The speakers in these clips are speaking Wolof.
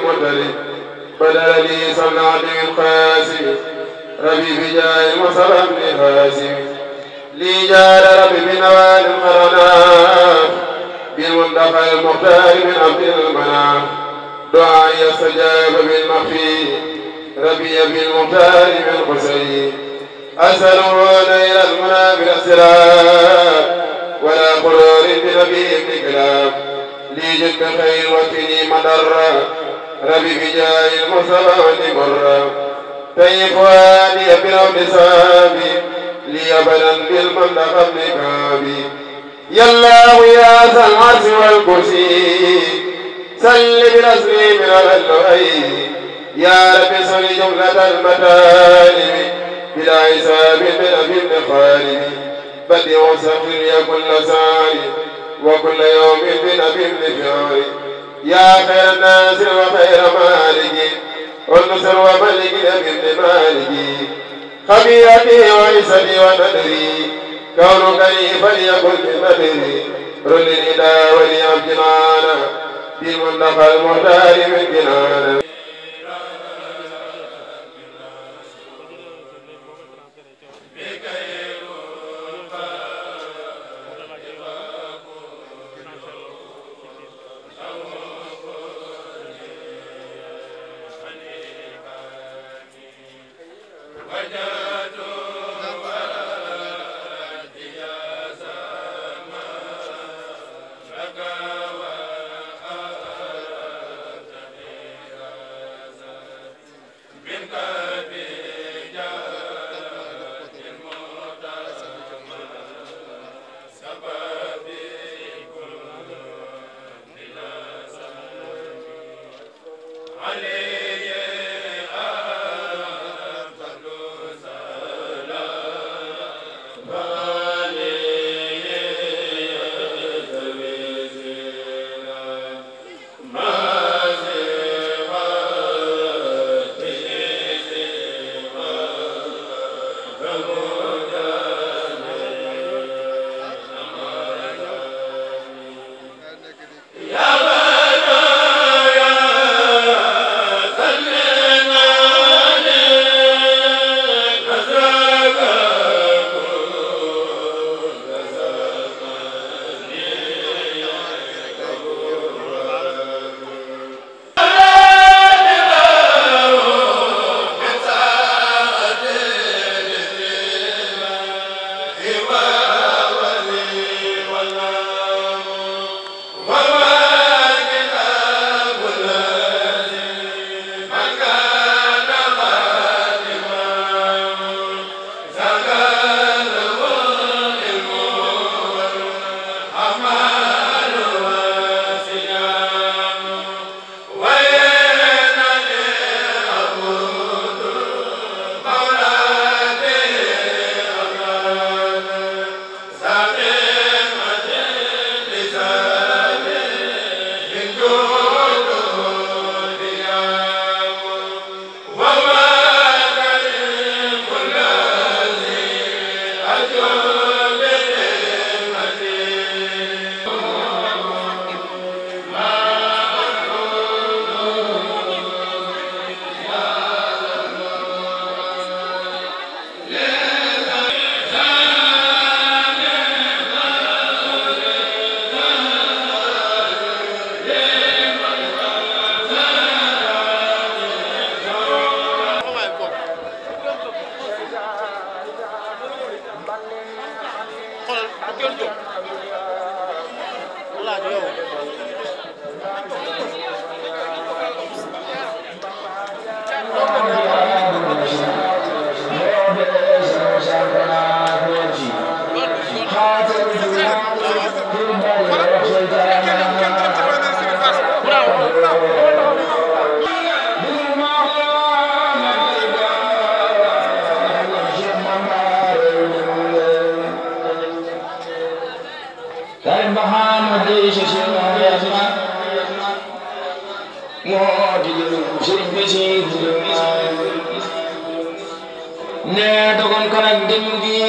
المدر بدا لي صنع القاسم ربي بجاه وسلام خاسر لي جار ربي من اوال القرناف بالمنتقى المختار من عبد المناف دعائي استجاب بالمخفي ربي المختار من حسين أسأله نيل المنى بالأسراء ولا قرار بنبي ابن كلاب لي جد خير وكني مدرّ ربي بجاه المصاب مرة طيب وادي برب سابي لي أبدا بالمن قبل كابي يا الله يا ذا العرش والكرسي سلم برسمي من اللؤي يا رب سل جملة المتالب بلا حساب من أبي الخالد بدي وسخر يا كل ساري وكل يوم من أبي الفعل يا خير الناس وخير مالك والنصر وملك بابن مالك خبيئتي وعزتي وندري كونك لي فليكن بمدري رل الإله وليعب جنانا في منتقى المختار من جنانا بكي now. ne dogon kanak dem gi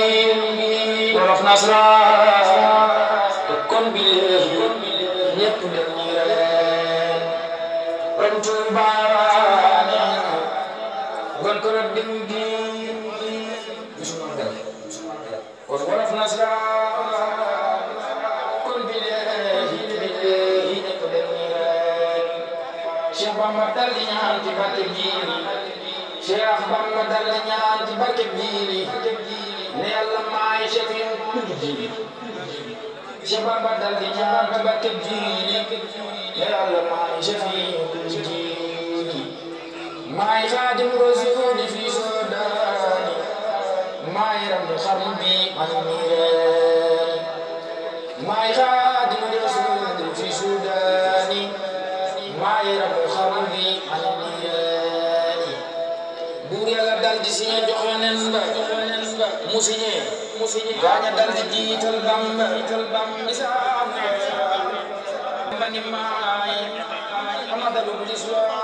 wolof nasra te kon bi leer bi ñépp dem ñu ren kon Tuuba gon kanak dem gi ma dal la ñaan ci barke diini ne yàlla maay chef yu tudd diini Cheikh Bamba dal di ñaan ci barke diini ne yàlla maay chef yu tudd diini maay xaadim rasuuli fi soodaani maay rambu xam bi maay miireeni maay xaadim rasuuli fi soodaani maay rambu signé waaja dal di jiital Bamba isaam ne ma ni maay amadalu lislaam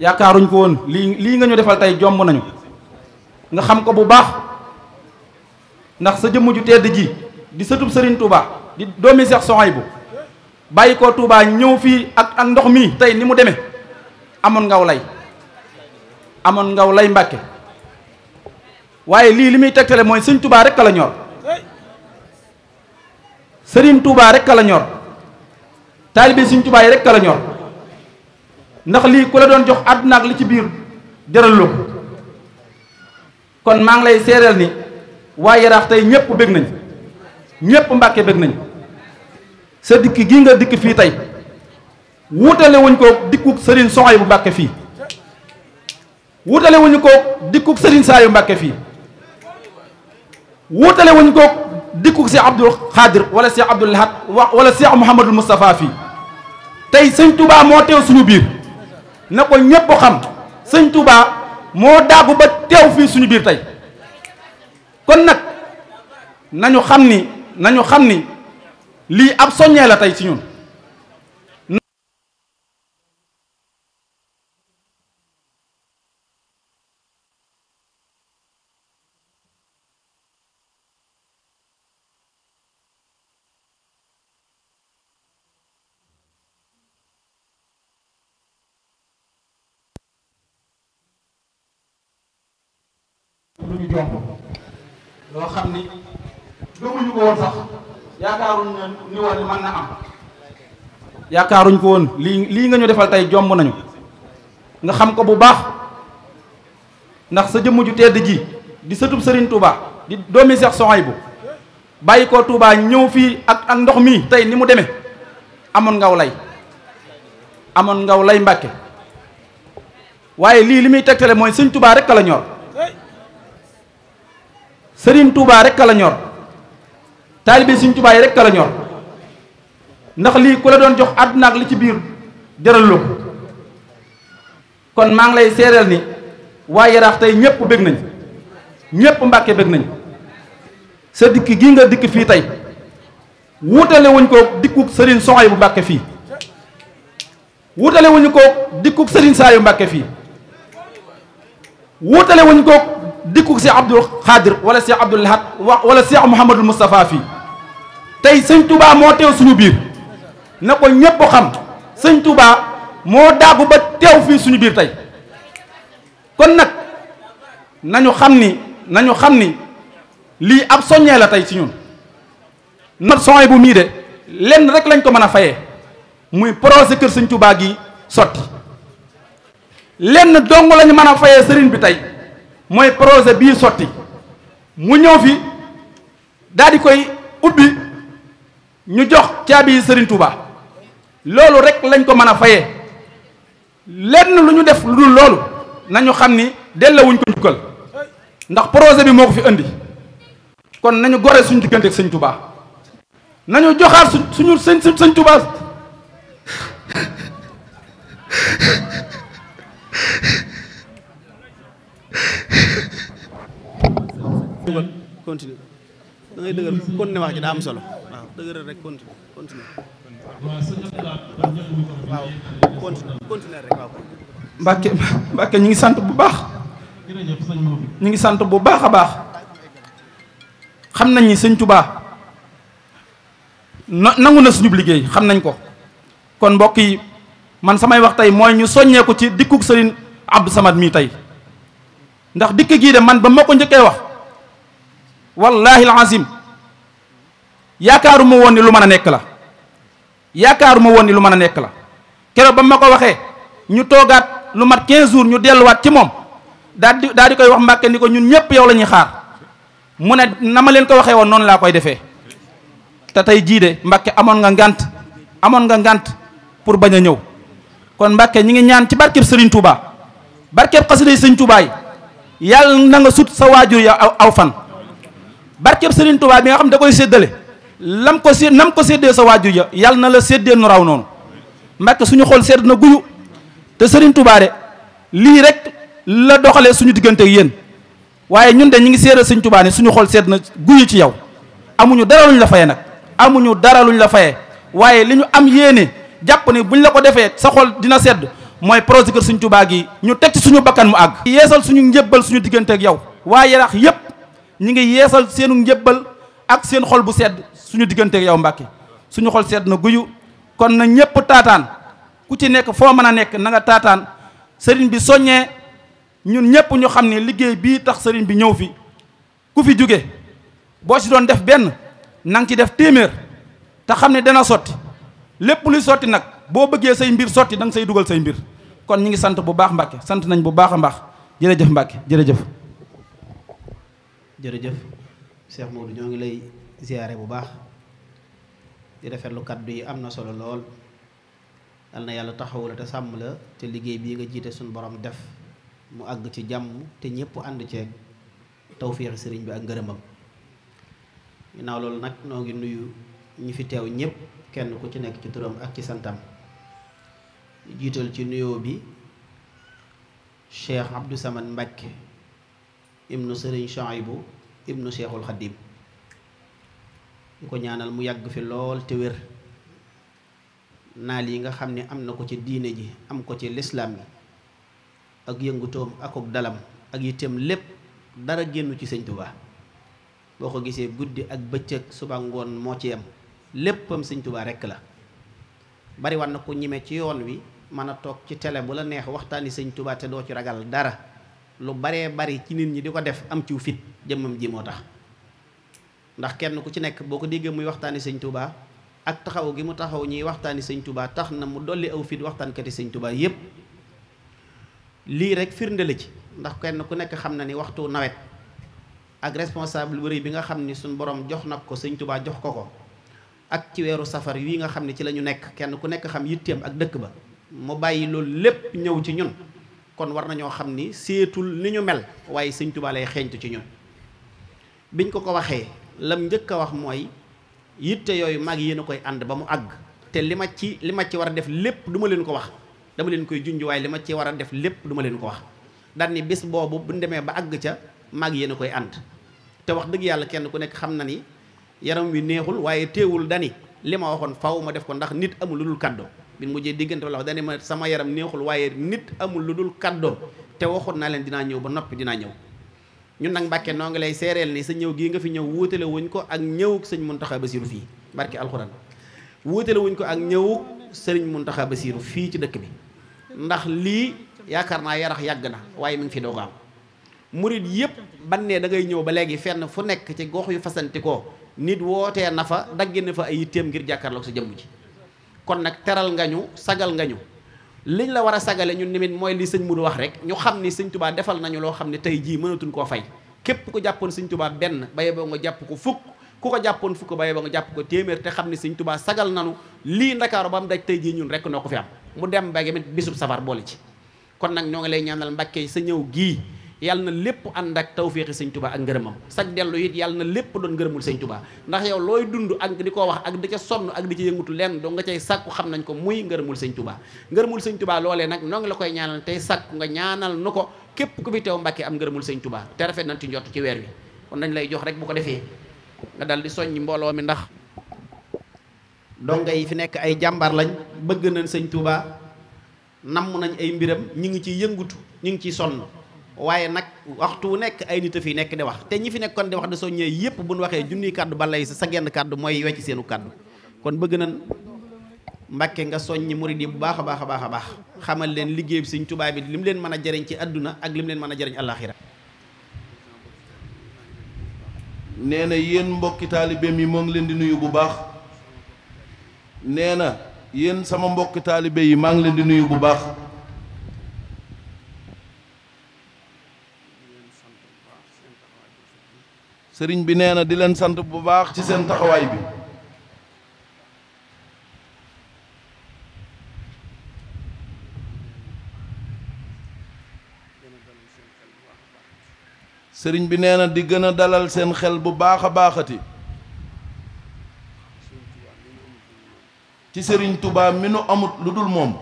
Ya ko won li li nga ñu defal tay jomb nañu nga xam ko bu baax ndax sa jëm ju tedd ji di sëtub serigne Touba di domi cheikh Sohaybu bayiko Touba ñew fi ak ak ndox mi tay ni mu demee amon nga lay mbake. nga lay waye li limi tegtale moy serigne Touba rek kala ñor serigne Touba rek kala ñor talibé serigne Touba rek kala ñor ndax lii ku la doon jox àddunaak ak li ci biir jaral la kon maa ngi lay seereel ni waa yaraax tey ñëpp bég nañ ñëpp mbàkke bég nañ sa dikk gi nga dikk fii tey wutale wuñ ko dikkuk sëriñ soxoy bu mbàkke fii wutale wuñ ko dikkuk sëriñ saayu mbàkke fii wutale wuñ ko dikkuk si abdul xaadir wala si abdul lahat wala si muhammadul mustafa fii tey sëñ tubaa moo teew suñu biir ne ko ñépp xam sëñ Touba moo daagu ba teew fii suñu biir tey kon nag nañu xam ni nañu xam ni lii ab soññee la tey ci ñun Ya ni pun, mën na am yaakaaruñ ko won li nga ñu defal tay jomb nañu nga xam ko bu baax ndax sa jëm ju tedd ji di sëtub Serigne Touba di domi cheikh Sohaybu bayiko Touba ñew fi ak ak ndox mi tay ni mu deme amon nga wlay amon nga wlay Mbàkke waye li limi tegtale moy serigne Touba rek la ñor Serigne Touba rek la ñor talibé seigne touba yi rek la ñor ndax li ku la doon jox aduna ak li ci bir deral lu kon ma ngi lay seereel ni waa yaraax tay ñëpp bëgg nañ ñëpp mbacké bëgg nañ sa dikk gi nga dikk fi tay wutale wuñ ko dikku sëriñ soxay bu mbacké fi wutale wuñ ko dikku sëriñ sayu mbacké fi wutale wuñ ko dikku Cheikh Abdul khadir wala Cheikh Abdul Lahad wala Cheikh Mouhamadul mustafa fi tey sëñ Touba moo teew suñu biir na ko ñëpp xam sëñ Touba moo daagu ba teew fii suñu biir tey kon nag nañu xam ni nañu xam ni lii ab soññee la tey ci ñun nag soñ bu mii de lenn rek lañ ko mën a fayee muy projet kër sëñ Touba gi sotti lenn dong lañu mën a fayee sëriñ bi tey mooy projet bii sotti mu ñëw fi daal koy ubbi ñu jox caabi yi Serigne Touba loolu rek lañ ko mën a fayee lenn lu ñu def lu dul loolu nañu xam ni dellawuñ ko njukkal ndax projet bi moo ko fi indi kon nañu gore suñu diggante ak tubaa Touba nañu joxaat suñu sëñ Serigne Touba continue da ngay dëgër wax ji solo waaw dëgëral rek continuer continuer waaw ñu ngi sant bu baax ñu ngi sant bu baax a baax xam nañ ni sëñ Tuubaa na nangu na suñu liggéey xam nañ ko kon mbokk yi man samay wax tey mooy ñu soññee ko ci dikkuk sëriñ Abdou Samad mii tey ndax dikk gii de man ba ma ko njëkkee wax wallahi alazim yaakaaruma woon ni lu meuna nek la yaakaaruma woon ni lu meuna nek la kero bam mako waxe ñu togat lu mat 15 jours ñu wat ci mom dal di daal di koy wax mbàkke ni ko ñun ñepp yow lañuy xaar mu ne na ma ko waxe won non la koy defé ta tay de mbàkke nga ngant amon nga ngant pour baña ñew kon mbàkke ñi ngi ñaan ci barke serigne Touba barke xasida serigne Touba yalla na nga sut sa wajur ya aw barkeb Serigne Touba bi nga xam ne da koy séddale lam ko sédd nam ko séddee sa waajur ya yàlla na la séddee nu raw noonu Mbàkke suñu xool sedd na guyu te Serigne Touba de lii rek la doxalee suñu diggante ak yéen waaye ñun de ñu ngi séeral Serigne Touba ne suñu xool sedd na guyu ci yow amuñu dara luñ la fayee nag amuñu dara luñ la fayee waaye li ñu am yéene jàpp ne buñ la ko defee sa xol dina sedd mooy projet Kër Serigne Touba gi ñu teg ci suñu bakkan mu àgg. yeesal suñu njëbbal suñu diggante ak yow waaye rax yépp ñu ngi yeesal seenu njébbal ak seen xol bu sedd suñu diggante yow Mbàkke suñu xol sedd na guyu kon na ñépp taataan ku ci nekk foo mën a nekk na nga taataan sëriñ bi soññee ñun ñépp ñu xam ne liggéey bii tax sëriñ bi ñëw fi ku fi jóge boo ci doon def benn na nga ci def téeméer te xam ne dana sotti lépp luy sotti nag boo bëggee say mbir sotti da nga say dugal say mbir kon ñu ngi sant bu baax Mbàkke sant nañ bu baax a mbaax jëf Mbàkke jërëjëf jërëjëf Cheikh Modou ñoo ngi lay ziyaare bu baax di rafetlu kàddu yi am na solo lool dal na yàlla taxawu la te sàmm la te liggéey bii nga jiite suñu borom def mu àgg ci jàmm te ñëpp ànd ceeg tawféexi sëriñ bi ak ngërëmam ginnaaw loolu nag noo ngi nuyu ñu fi teew ñëpp kenn ku ci nekk ci turam ak ci santam jiital ci nuyoo bi Cheikh Abdou Samad Mbacke ibnu sëriñ Chouaïbou ibnu Cheikhul Xadim ñu ko ñaanal mu yàgg fi lool te wér naal yi nga xam ni am na ko ci diine ji am ko ci lislaam yi ak yëngutoom akok dalam ak yitteem lépp dara génnu ci sëñ Tuubaa boo ko gisee guddi ak bëccëg suba ngoon moo ci yem léppam sëñ Tuubaa rekk la bari war na ko ñime ci yoon wi mën a toog ci tele bu la neex waxtaani sëñ tubaa te doo ci ragal dara lu bare bari ci nit ñi diko def am ci fit jëmam ji motax ndax kenn ku ci nek boko ko muy waxtani sëñ Touba ak taxaw gi mu taxaw ñi waxtani sëñ Touba tax na mu dolli aw fit kati sëñ Touba yépp li rek firnde la ci ndax kenn ku nek xamna ni waxtu nawet ak responsable wëri bi nga xamni sun borom jox nak ko sëñ Touba jox ko ko ak ci wéru safar wii nga xamni ci lañu nek kenn ku nek xam yittem ak dëkk ba mo lep nyau lepp ñew ci ñun kon war nañoo xam ni seetul ni ñu mel waaye sëñ Tuubaa xeeñtu ci ñun biñ ko ko waxee lam njëkk a wax mooy yitte yooyu mag yéen koy ànd ba mu àgg te li ma ci li ma ci war a def lépp duma leen ko wax dama leen koy junj li ma ci war a def lépp du ma leen ko wax daan ni bis boobu bu demee ba àgg ca mag yéen koy ànd te wax dëgg yàlla kenn ku nekk xam na ni yaram wi neexul waaye teewul dani li ma waxoon faw ma def ko ndax nit amul lu dul kàddu bi mujjee diggante wala dane ma sama yaram neexul waaye nit amul lu dul kàddoom te waxoon naa leen dinaa ñëw ba noppi dinaa ñëw ñun nag Mbàkke noo ngi lay seereel ni sa ñëw gii nga fi ñëw wóotale wuñ ko ak ñëwuk sëñ Muntaxa Basiru fii barke alxuraan wóotale wuñ ko ak ñëwuk sëriñ Muntaxa Basiru fii ci dëkk bi ndax lii yaakaar naa yarax yàgg na waaye mu ngi fi dooga murit yëpp ban ne da ngay ñëw ba léegi fenn fu nekk ci gox yu ko nit wootee na fa dagge na fa ay yitteem ngir jàkkaarloog sa jëmm ji kon nag teral nga ñu sagal nga ñu liñ la war a sagale ñun nimit mooy li sëñ Mudu wax rek ñu xam ni sëñ Tuubaa defal nañu loo xam ne tey jii mënatuñ koo fay képp ku jàppoon sëñ Tuubaa benn baye boo nga jàpp ko fukk ku ko jàppoon fukk baye boo nga jàpp ko téeméer te xam ne sëñ Tuubaa sagal nañu lii Ndakaaru ba mu daj tey jii ñun rek noo ko fi am mu dem mbage mit bisub safar boole ci kon nag ñoo ngi lay ñaanal Mbàkke sa ñëw gii yàlla na lépp ànd ak tawféexi sëñ tubaa ak ngërëmam sag dellu it yàlla na lépp doon ngërëmul sëñ Tuubaa ndax yow looy dund ak di ko wax ak di ca sonn ak di ca yëngutu lenn doo nga cay sàkku xam nañ muy ngërëmul sëñ Tuubaa ngërëmul sëñ Tuubaa loolee nag noo la koy ñaanal tey sàkku nga ñaanal nu ko képp ku fi teew Mbàkke am ngërëmul sëñ Tuubaa te rafet na ci njott ci weer wi kon nañ lay jox rek bu ko defee nga dal di soññ mbooloo mi ndax donga yi fi nekk ay jàmbaar lañ bëgg nañ sëñ Tuubaa namm nañ ay mbiram ñu ngi ciy yëngutu ñu ngi ciy sonn waaye nag waxtu wu nekk ay nit a fi nekk di wax te ñi fi nekkoon di wax di soññee yëpp bu ñu waxee junniy kàddu ba lay sa genn kàddu mooy wecc seenu kàddu kon bëgg nañ Mbàkke nga soññi murid yi bu baax a baax a baax a baax xamal leen liggéey bi Sëñ Tuubaa bi lim leen mën a jariñ ci àdduna ak lim leen mën a jariñ àllaaxira nee na yéen mbokki taalibeem yi moo ngi leen di nuyu bu baax nee na yéen sama mbokki taalibe yi maa ngi leen di nuyu bu baax sëriñ bi nee na di leen sant bu baax ci seen taxawaay bi sëriñ bi nee na di gën a dalal seen xel bu baax a baaxati ci sëriñ tubaab mi nu amut lu dul moom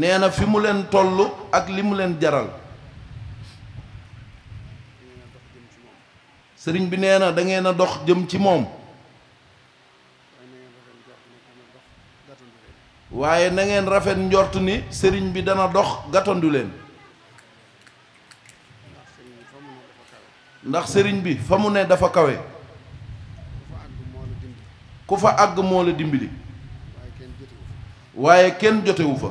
nee na fi mu leen toll ak li mu leen jaral sëriñ bi nee na dangeen a dox jëm ci moom waaye nangeen rafet njort ni sëriñ bi dana dox gàttandu leen ndax sëriñ bi fa mu ne dafa kawe ku fa àgg moo la dimbali waaye kenn jotewu fa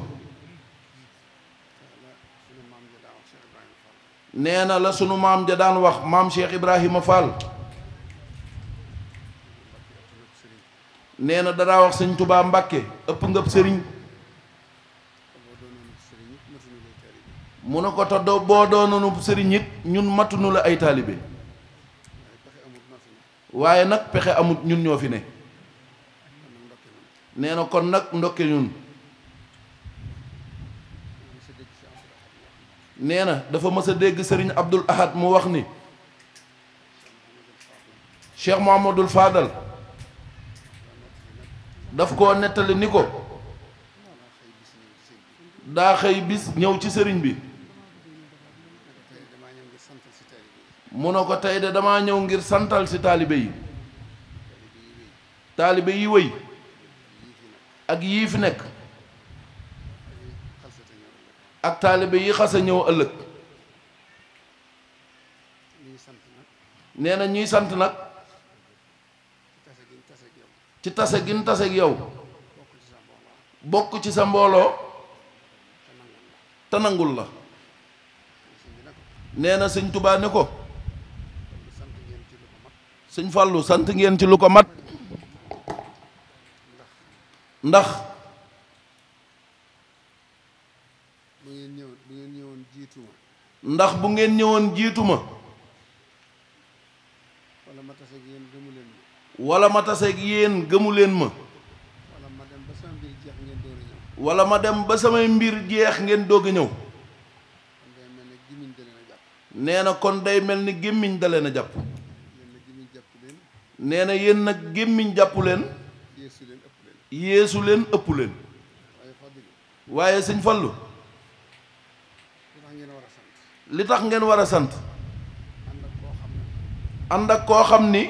nee na la sunu maam ja daan wax maam Cheikh Ibrahima Fall nee na dadaa wax sëñ Touba Mbàkke ëpp nga sëriñ mu ne ko toddoo boo doonanu sëriñ it ñun matunu la ay taalibe waaye nag pexe amut ñun ñoo fi ne nee na kon nag ndokke ñun nee na dafa mës dégg sëriñ Abdul Ahad mu wax ni Cheikh Mouhamadul faadal daf koo nettali ni ko daa xëy bis ñëw ci sëriñ bi mu ne ko tey de damaa ñëw ngir santal si taalibe yi taalibe yi wëy ak yii fi nekk ak taalibe yi xas a ñëw ëllëg nee na ñuy sant nag ci tase gi ñu tase ak yow bokk ci sa mbooloo te nangul la nee na sëñ ne ko sëñ Fàllu sant ngeen ci lu ko mat ndax ndax bu ngeen ñëwoon jiitu ma wala ma tase yéen gëmu leen ma wala ma dem ba samay mbir jeex ngeen doog a ñëw nee na kon day mel ni gémmiñ da leen a jàpp nee na yéen nag gémmiñ jàpp leen yéesu leen ëpp leen waaye sëñ Fallu li tax ngeen war a sant ànd ak koo xam ni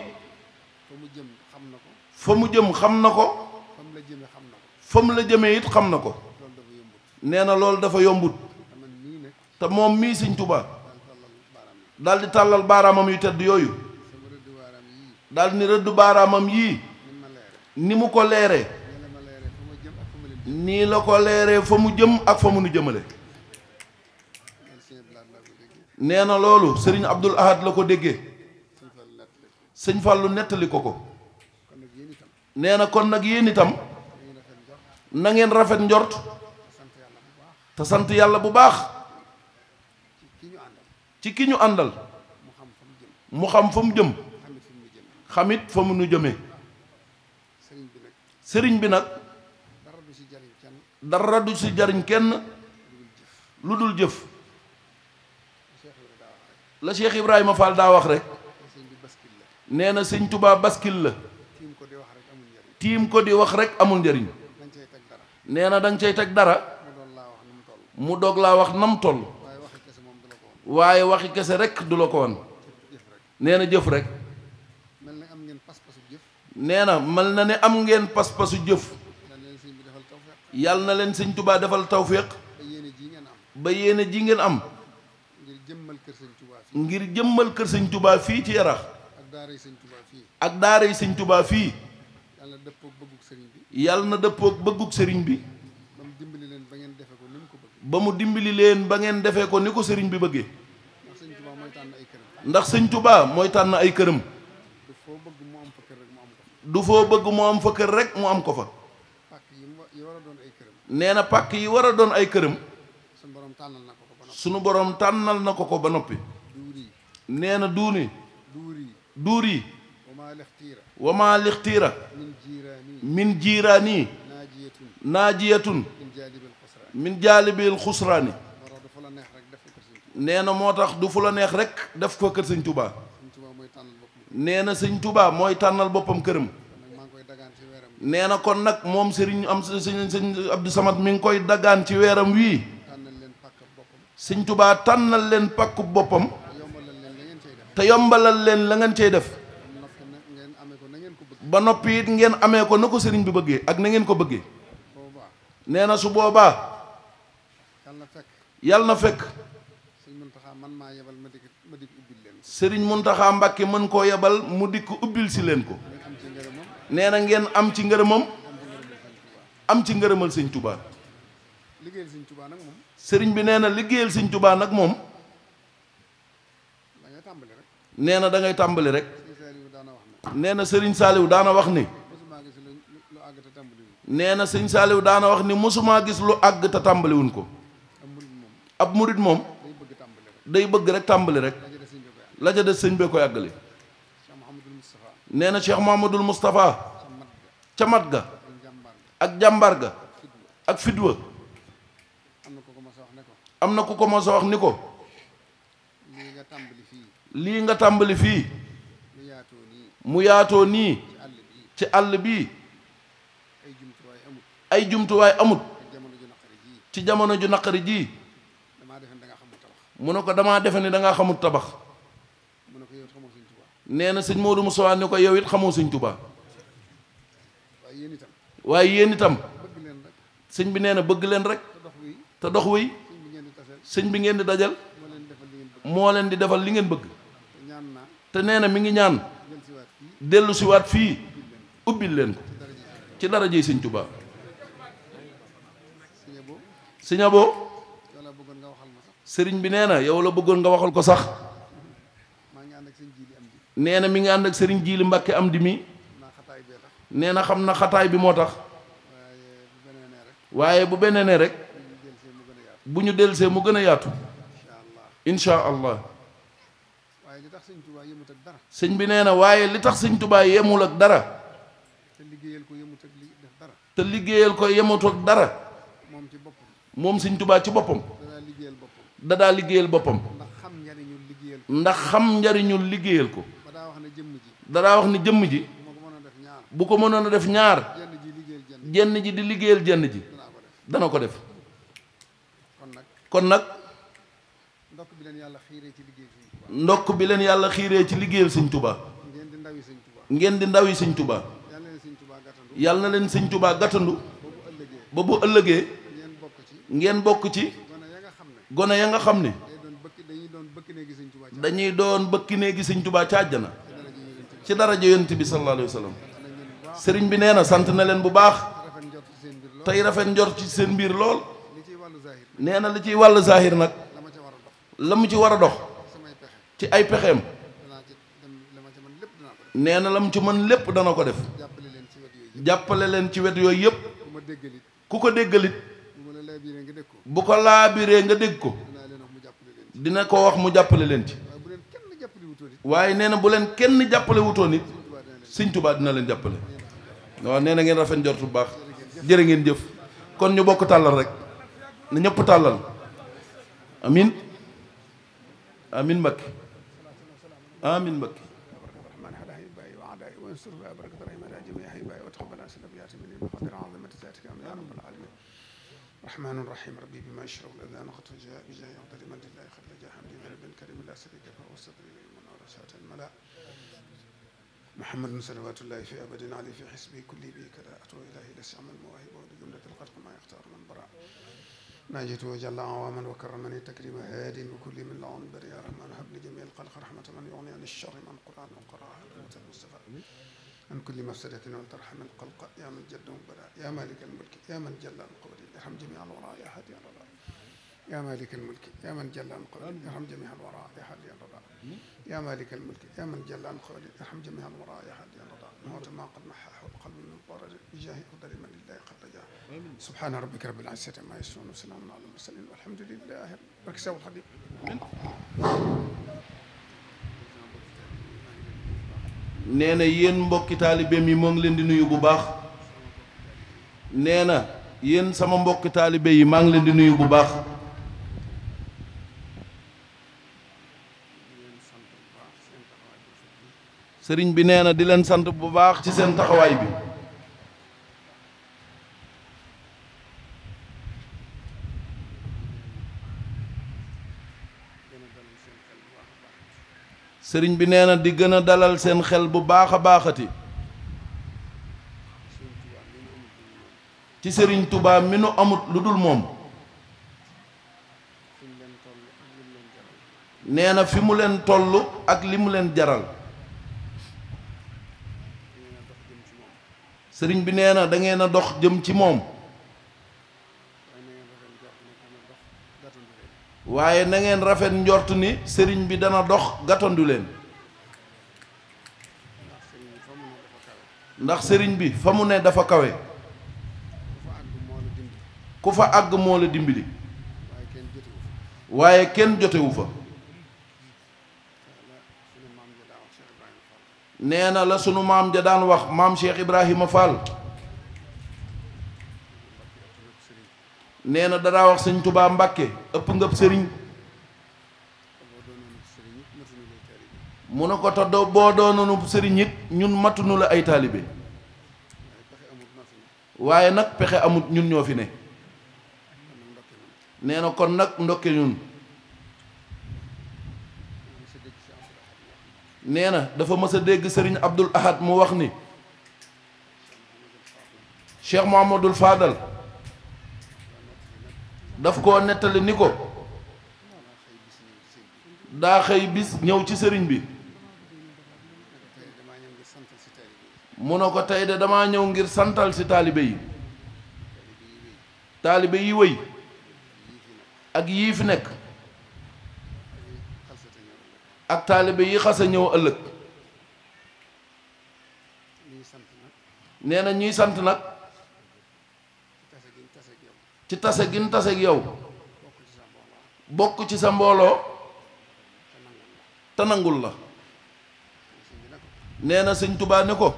fa mu jëm xam na ko fa mu la jëmee it xam na ko nee na loolu dafa yombut te moom mii Sëñ Tuubaa daal di tàllal baaraamam yu tedd yooyu daal di ni rëdd baaraamam yii ni mu ko leeree nii la ko leeree fa mu jëm ak fa mu nu jëmale nee na loolu sëriñ Abdul Ahad la ko déggee sëñ Fàllu nettali ko ko nee na kon nag yéen itam na ngeen rafet njort te sant yàlla bu baax ci ki ñu àndal mu xam fa mu jëm xamit fa mu nu jëmee sëriñ bi nag dara du ci jariñ kenn lu dul jëf la Cheikh Ibrahima Fall daa wax rek nee na sëñ Touba baskil la tiim ko di wax rek amul njëriñ nee na danga cay teg dara mu doog laa wax nam toll waaye waxi kese rek du la ko wan nee na jëf rek nee na mel na ne am ngeen pas-pasu jëf yàlla na leen sëñ tubaa defal tawféex ba yéene ji ngeen am ngir jëmmal kër sëñ Touba ngir jëmbal kër sëñ Touba fii ci Yarax. ak daaray sëñ Touba fii. ak daaray sëñ Touba fii. yàlla na dëppoo bëggug sëriñ bi. yàlla na dëppoo bëggug sëriñ bi. ba mu dimbali leen ba ngeen defee ko ni mu ko ba mu dimbali leen ba ngeen defee ko ni ko sëriñ bi bëggee. ndax sëñ Touba mooy tànn ay këram. ndax sëñ Touba mooy tànn ay këram. du foo bëgg mu am fa kër rek mu am ko fa. du foo bëgg mu am fa kër rek mu am ko fa. nee na pàkk yi war a doon ay këram. sunu borom tànnal na ko ko ba noppi. nee na duuni duur yi wamaa lixtiira min jiiraani naajiyatun min jaalibil xusraani nee na moo tax du fu la neex rek def ko kër sëñ tubaa nee na sëñ tubaa mooy tànnal boppam këram nee na kon nag moom sëriñ am sëñ sëñ Abdou Samad mi ngi koy dagaan ci weeram wii sëñ tubaa tànnal leen pàkku boppam te yombalal len la ngeen cey def ba nopi it ngeen amé ko nako serigne bi bëggé ak na ngeen ko bëggé néna na su boobaa yàlla na fekk serigne muntaha mbacké man ko yebal mu dik ubil ci len ko néna ngeen am ci ngërëmam am ci ngeureumal serigne serigne touba touba nak mom serigne bi néna na serigne touba nak mom nee na da tàmbali rek nee na Serigne Saliou daana wax ni nee na Serigne Saliou daana wax ni mosumaa gis lu àgg te tàmbaliwuñ ko ab murit moom day bëgg rek tàmbali rek la ca des sëñ bee koy àggali nee na Cheikh Mouhamadoul Moustapha ca mat ga ak jàmbaar ga ak fidwa am na ku ko mos a wax ni ko li nga tambali fi mu yato ni ci all bi ay jumtuwaay amut ci jamono ju naqari ji mu ne ko damaa defe ni da nga xamut tabax neena seigne Modou musa ni ko yow it xamoo seigne touba waaye yeen itam seigne bi neena bëgg rek ta dox wi seigne bi ngeen di dajal mo len defal li ngeen bëgg te nee mi ngi ñaan jisin wat senyabo ubil len ko ci bugon sëñ Tuubaa sëñ Abo sëriñ bi nee yow la bëggon nga waxal ko sax nee mi ngi and ak jili mbacke am di mi nee xamna xataay bi motax waye bu benene rek buñu delse mu gëna yaatu inshallah allah sëñ bi neena waye li tax sëñ Tuubaa yemul ak dara te liggeyel ko yemut ak dara mom liggéeyal ko ci bopam moom sëñ Tuubaa ci boppam dadaa liggéeyal boppam ndax xam njariñul liggéeyal ko ndax ko dadaa wax ne jëmm ji wax ne jëmm ji bu ko mënon def ñaar jenn ji di liggeyel jenn ji dana ko def kon nak kon nak ndokk bi len yalla xire ci ndokk bi leen yàlla xiiree ci liggéeyal sëñ Tuubaa ngeen di ndaw yi tubaa Tuubaa yàlla na leen sëñ Tuubaa gàttandu ba bu ëllëgee ngeen bokk ci gone ya nga xam ne dañuy doon bëkki néegi sëñ Tuubaa ca àjjana ci dara daraja yonent bi sallallahu alayhi wa sallam sëriñ bi nee na sant na leen bu baax tey rafet njort ci seen mbir lool nee na li ciy wàllu zahir nag la mu ci war a dox ci ay pexeem nee na mu ci mën lépp dana ko def jàppale leen ci wet yooyu yëpp ku ko déggalit bu ko laabiree nga dégg ko dina ko wax mu jàppale leen ci waaye nee na bu leen kenn jàppale wutoon it Sëñ Tuubaa dina leen jàppale waaw nee na ngeen rafet njort bu baax jërë ngeen jëf kon ñu bokk tàllal rek na ñëpp tàllal amin amin Mbakke آمين مكي رحمن على وانصر بركة جميع وتقبل من المقدر ذاتك يا رب العالمين الرحيم ربي بما يشرب الأذان قد جاء بجاه عقد من لله خد جاه حمدي ذنب كريم لا شريك له والصدر من ساعة الملأ محمد صلوات الله في أبد علي في حسبي كلي بي كلا أتو إلهي لسعم الموت ناجته وجل عواما وكرمني تكريم هاد وكل من العون بر يا رحمن هب لجميع الخلق رحمة من يغني عن الشر من قرآن وقراءة المصطفى عن كل مفسدة وترحم القلق يا من جد بلاء يا مالك الملك يا من جل عن قولي ارحم جميع الوراء يا هادي الوراء يا مالك الملك يا من جل عن قولي ارحم جميع الوراء يا هادي الوراء يا مالك الملك يا من جل عن قولي ارحم جميع الوراء يا هادي الوراء موت ما قد محاه القلب من طرد بجاه قدر من لله قد رجاه سبحان ربك رب العزه ما يصفون وسلام على المرسلين والحمد لله رب العالمين nee na yéen mbokki taalibe mi moo ngi leen di nuyu bu baax nee na yéen sama mbokki taalibe yi maa ngi sëriñ bi nee na di leen sant bu baax ci seen taxawaay bi sëriñ bi nee na di gën a dalal seen xel bu baax a baaxati ci sëriñ tubaab mi nu amut lu dul moom nee na fi mu leen toll ak li mu leen jaral sëriñ bi nee na dangeen a dox jëm ci moom waaye na rafet njort ni sëriñ bi dana dox gàttandu leen ndax sëriñ bi fa mu ne dafa kawe ku fa àgg moo la dimbali waaye kenn jotewu fa nee na la sunu maam ja daan wax maam Cheikh Ibrahima Fall nee na danaa wax sëñ Tubaa Mbàkke ëpp ngëb sëriñ mu ne ko todd boo doonanu sëriñ it ñun matunu la ay taalibe waaye nag pexe amut ñun ñoo fi ne nee na kon nag ndokke ñun nee na dafa mësa a dégg sëriñ Abdul Ahad mu wax ni Cheikh Mouhamadul faadal daf ko nettali ni ko daa xëy bis ñëw ci sëriñ bi mu ne ko tey de damaa ñëw ngir santal si taalibe yi taalibe yi wëy ak yii fi nekk ak taalibe yi xas a ñëw ëllëg nee na ñuy sant nag ci tase gi ñu tase ak yow bokk ci sa mbooloo te la nee na sëñ Tuubaa ne ko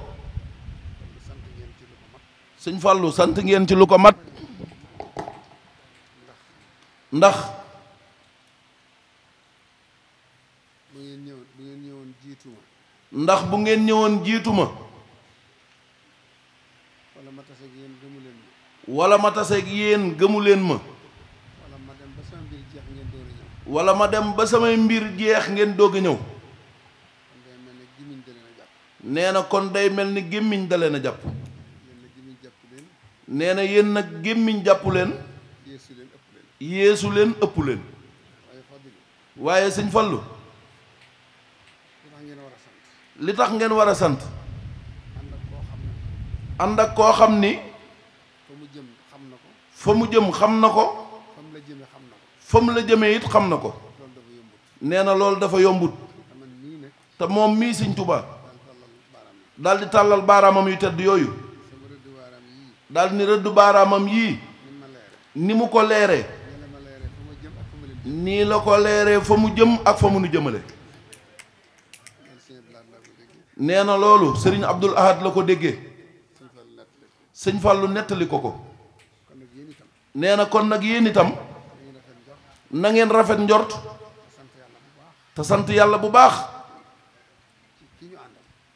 sëñ Fàllu sant ngeen ci lu ko mat ndax ndax bu ngeen ñëwoon jituma wala ma taseeg ak yeen leen ma. wala ma dem ba sama mbir jeex ngeen doog a ñëw. wala kon day melni gemmiñ dalena japp neena yeen nak gemmiñ jappulen yesu len gémmiñ waye leen. Fallu li tax ngeen war a sant ànd ak koo xam ni fa mu jëm xam na ko fa mu la jëmee it xam na ko nee na loolu dafa yombut te moom mii Sëñ Tuubaa daal di tàllal baaraamam yu tedd yooyu daal di ni rëdd baaraamam yii ni mu ko leeree nii la ko leeree fa mu jëm ak fa mu nu jëmale nee na loolu sëriñ Abdul Ahad la ko déggee sëñ Fàllu nettali ko ko nee na kon nag yéen itam na ngeen rafet njort te sant yàlla bu baax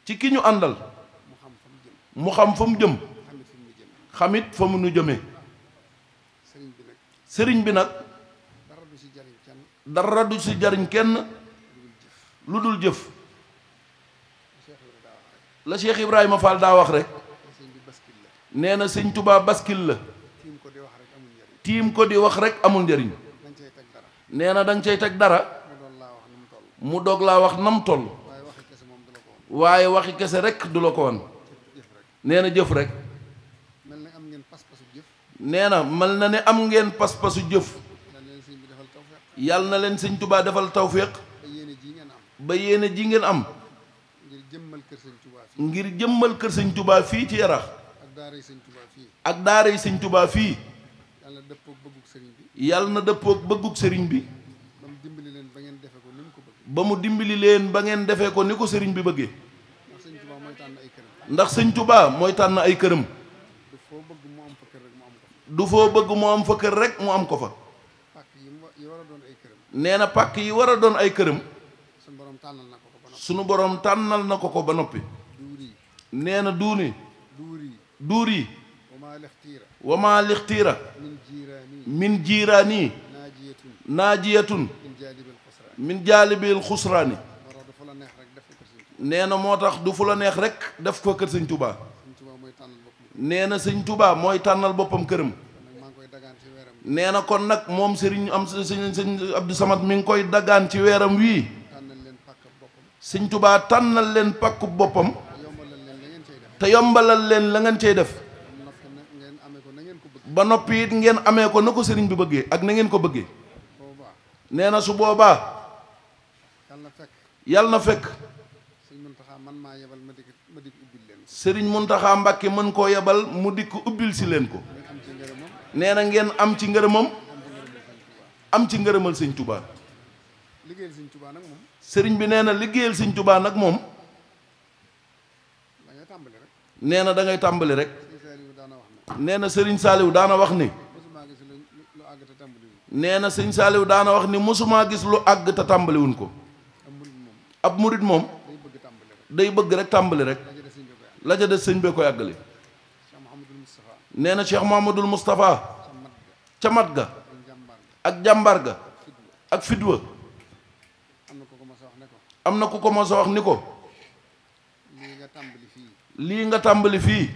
ci ki ñu àndal mu xam fa mu jëm xamit fa mu nu jëmee sëriñ bi nag dara du si jariñ kenn lu dul jëf la Cheikh Ibrahima Fall daa wax rek nee na sëñ Touba baskil la tiim ko di wax rek amul njëriñ nee na danga cay teg dara mu doog laa wax nam toll waaye waxi kese rek du la ko wan nee na jëf rek nee na mel na ne am ngeen pas-pasu jëf yàlla na leen sëñ Touba defal tawféex ba yéene ji ngeen am jëmmal kër sëñ Touba fii. ngir jëmmal kër sëñ Touba fii ci Yarax. ak daara yi sëñ Touba fii. ak daara yi sëñ Touba fii. yàlla na dëppoo bëggug sëriñ bi. yàlla na dëppoo bëggug sëriñ bi. ba mu dimbali leen ba ngeen defee ko ni ko bëggee. ba mu dimbali leen ba ngeen defee ko ko sëriñ bi bëggee. sëñ Touba mooy tànn ay këram. ndax sëñ Touba mooy tànn ay këram. du foo bëgg mu am fa kër rek mu am ko fa. du foo bëgg mu am fa kër rek mu am ko fa. nee na pàkk yi war a doon ay këram. suñ borom tànnal na ko. sunu boroom tànnal na ko ko ba noppi nee na duuni duur yi wamaa lixtiira min jiiraani naajiyatun min jaalibil xusraani nee na moo tax du fu la neex rek def ko kër sëñ tubaa nee na sëñ tubaa mooy tànnal boppam këram nee na kon nag moom sëriñ am sëñ sëñ Abdou Samad mi ngi koy dagaan ci weeram wii sëñ tubaa tànnal leen pàkku boppam te yombalal leen la ngeen cey def ba noppi it ngeen amee ko na ko sëriñ bi bëggee ak na ngeen ko bëggee nee na su boobaa yàlla na fekk sëriñ Muntaxa Mbàkke mën koo yebal mu dikk ubbil si leen ko nee na ngeen am ci ngërëmam am ci ngërëmal sëñ tubaa liggéeyal sëñ tubaa nag sëriñ bi nee na liggéeyal sëñ tubaa nag moom. da tàmbali rek. nee na da tàmbali rek. nee na sëriñ Saaliw daana wax ni. nee na sëñ Saaliw daana wax ni mosumaa gis lu àgg te tàmbaliwuñ ko. ab murit moom. day bëgg rek tàmbali rek. la ca des sëñ bee koy àggali. nee na Cheikh Mouhamadul Moustapha. ca mat ga. ak jàmbar ga. ak fidwa am na ku ko mos a wax ni ko. lii nga tàmbali fii. lii nga tàmbali fii.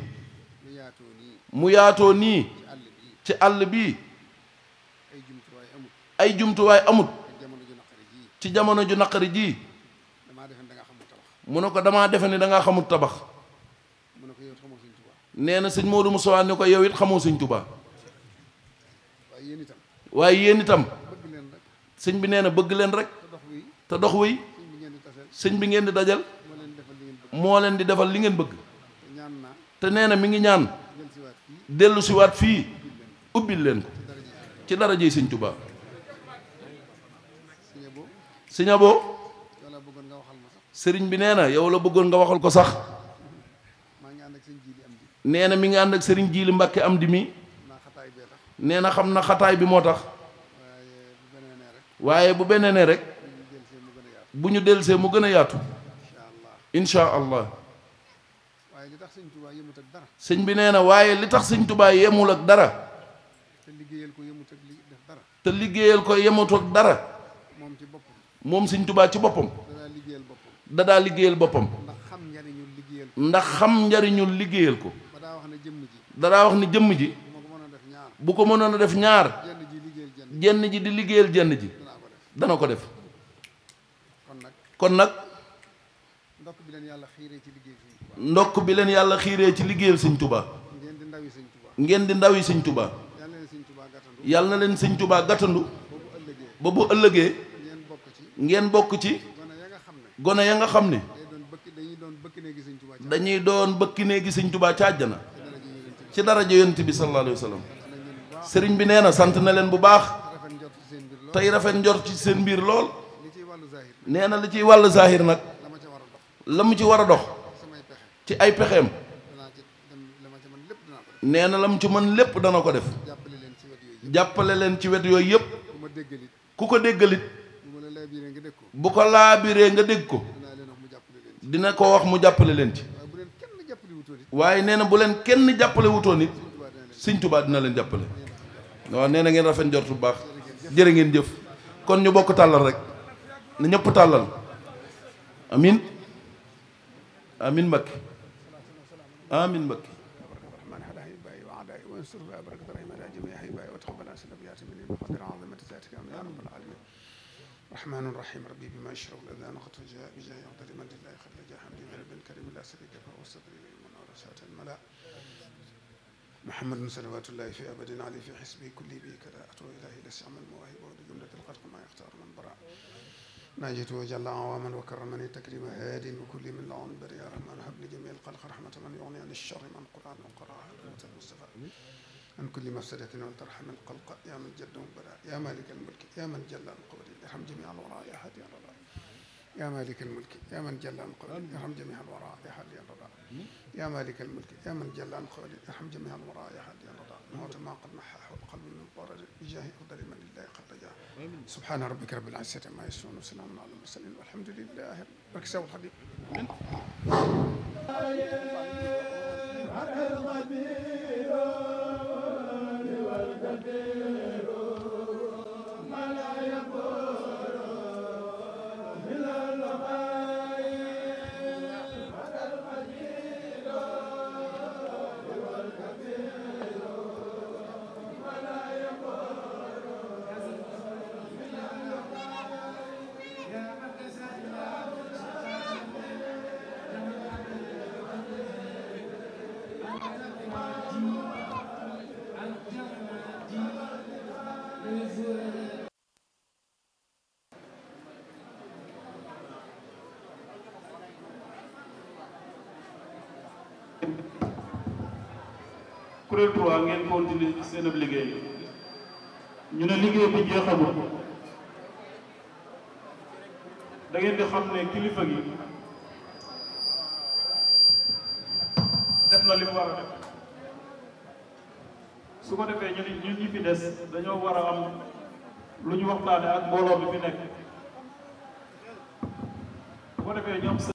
mu yaatoo nii. mu yaatoo nii. ci àll bi ay jumtuwaay amut. ay jumtuwaay amut. ci jamono ju naqari ji. mu ne ko damaa defe ni da ngaa xamut tabax. nee na sëñ Modou Moussa ni ko yow it xamoo sëñ Tuubaa. waaye yéen itam. sëñ bi nee na bëgg leen rek. te dox wi. sëñ bi ngeen di dajal mo leen di defal li ngeen bëgg te neena mi ngi ñaan delu ci wat fi ubbil leen ko ci dara jey sëñ Tuubaa sëñ bo sëriñ bi neena yow la bëggoon nga waxal ko sax neena mi ngi and ak Jiili mbacke am di mi nee na xataay bi bu benene rek buñu delsé mu gëna yaatu insha allah sëñ bi nee na li tax sëñ Touba yemul ak dara te liggeyel ko yemut ak dara mom sëñ Touba ci bopam da da liggeyel bopam ndax xam liggeyel ko da da wax ni jëm ji bu ko mënon def ñaar jenn ji di liggeyel jenn ji dana ko def kon nag ndokk bi leen yàlla xiiree ci liggéey ndokk bi leen yàlla xiiree ci liggéeyal sëñ Tuubaa ngeen di ndaw yi sëñ Tuubaa ngeen di ndaw yi sëñ Tuubaa yàlla na leen sëñ Tuubaa gàttandu ba bu ëllëgee ngeen bokk ci gone ya nga xam ne dañuy doon bëkki néegi sëñ Tuubaa ca àjjana ci dara daraja yonent bi sallallahu alayhi wa sallam sëriñ bi nee na sant na leen bu baax tey rafet njort ci seen mbir lool nee na la ciy wàll zahir nag la mu ci war a dox ci ay pexeem nee na la mu ci mën lépp dana ko def jàppale leen ci wet yooyu yëpp ku ko déggalit bu ko laabiree nga dégg ko dina ko wax mu jàppale leen ci waaye nee na bu leen kenn jàppale wutoon it siñ Tuubaa dina leen jàppale waaw nee na ngeen rafet njort bu baax jërë ngeen jëf kon ñu bokk tàllal rek na ñëpp tàllal امين amin mbakki amin mbakki الرحمن الرحيم ربي بما يشرب الأذان قد جاء بجاه يقدر من لله قد جاء حمدي من ابن كريم لا شريك له وصدري منور شاة الملا محمد صلوات الله في أبد علي في حسبي كلي بي كذا أتوا إلهي لسعم المواهب وجملة الخلق ما يختار من براء ناجته وجل عواما وكرمني تكريم هاد وكل من لعن بري يا رحمن هب لجميع القلق رحمة من يغني عن الشر من قرآن وقرأ على المصطفى عن كل مفسدة ترحم القلق يا من جد وبلاء يا مالك الملك يا من جل عن ارحم جميع الوراء يا هادي الرضا يا مالك الملك يا من جل عن ارحم جميع الوراء يا هادي الرضا يا مالك الملك يا من جل عن ارحم جميع الوراء يا هادي الرضا موت ما قد محاه القلب من فرج بجاه افضل من الله قد رجا سبحان ربك رب العزه ما يصفون وسلام على المرسلين والحمد لله بركسه والحديث ما لا يقول إلا الله kuréel 3 ngeen continuer seen ab liggéey ñu ne liggéey bi jeexagul da di xam ne kilifa gi def na li mu war a def su ko defee ñu ñun ñi fi des dañoo war a am lu ñu waxtaane ak mbooloo bi fi nekk bu ko defee ñoom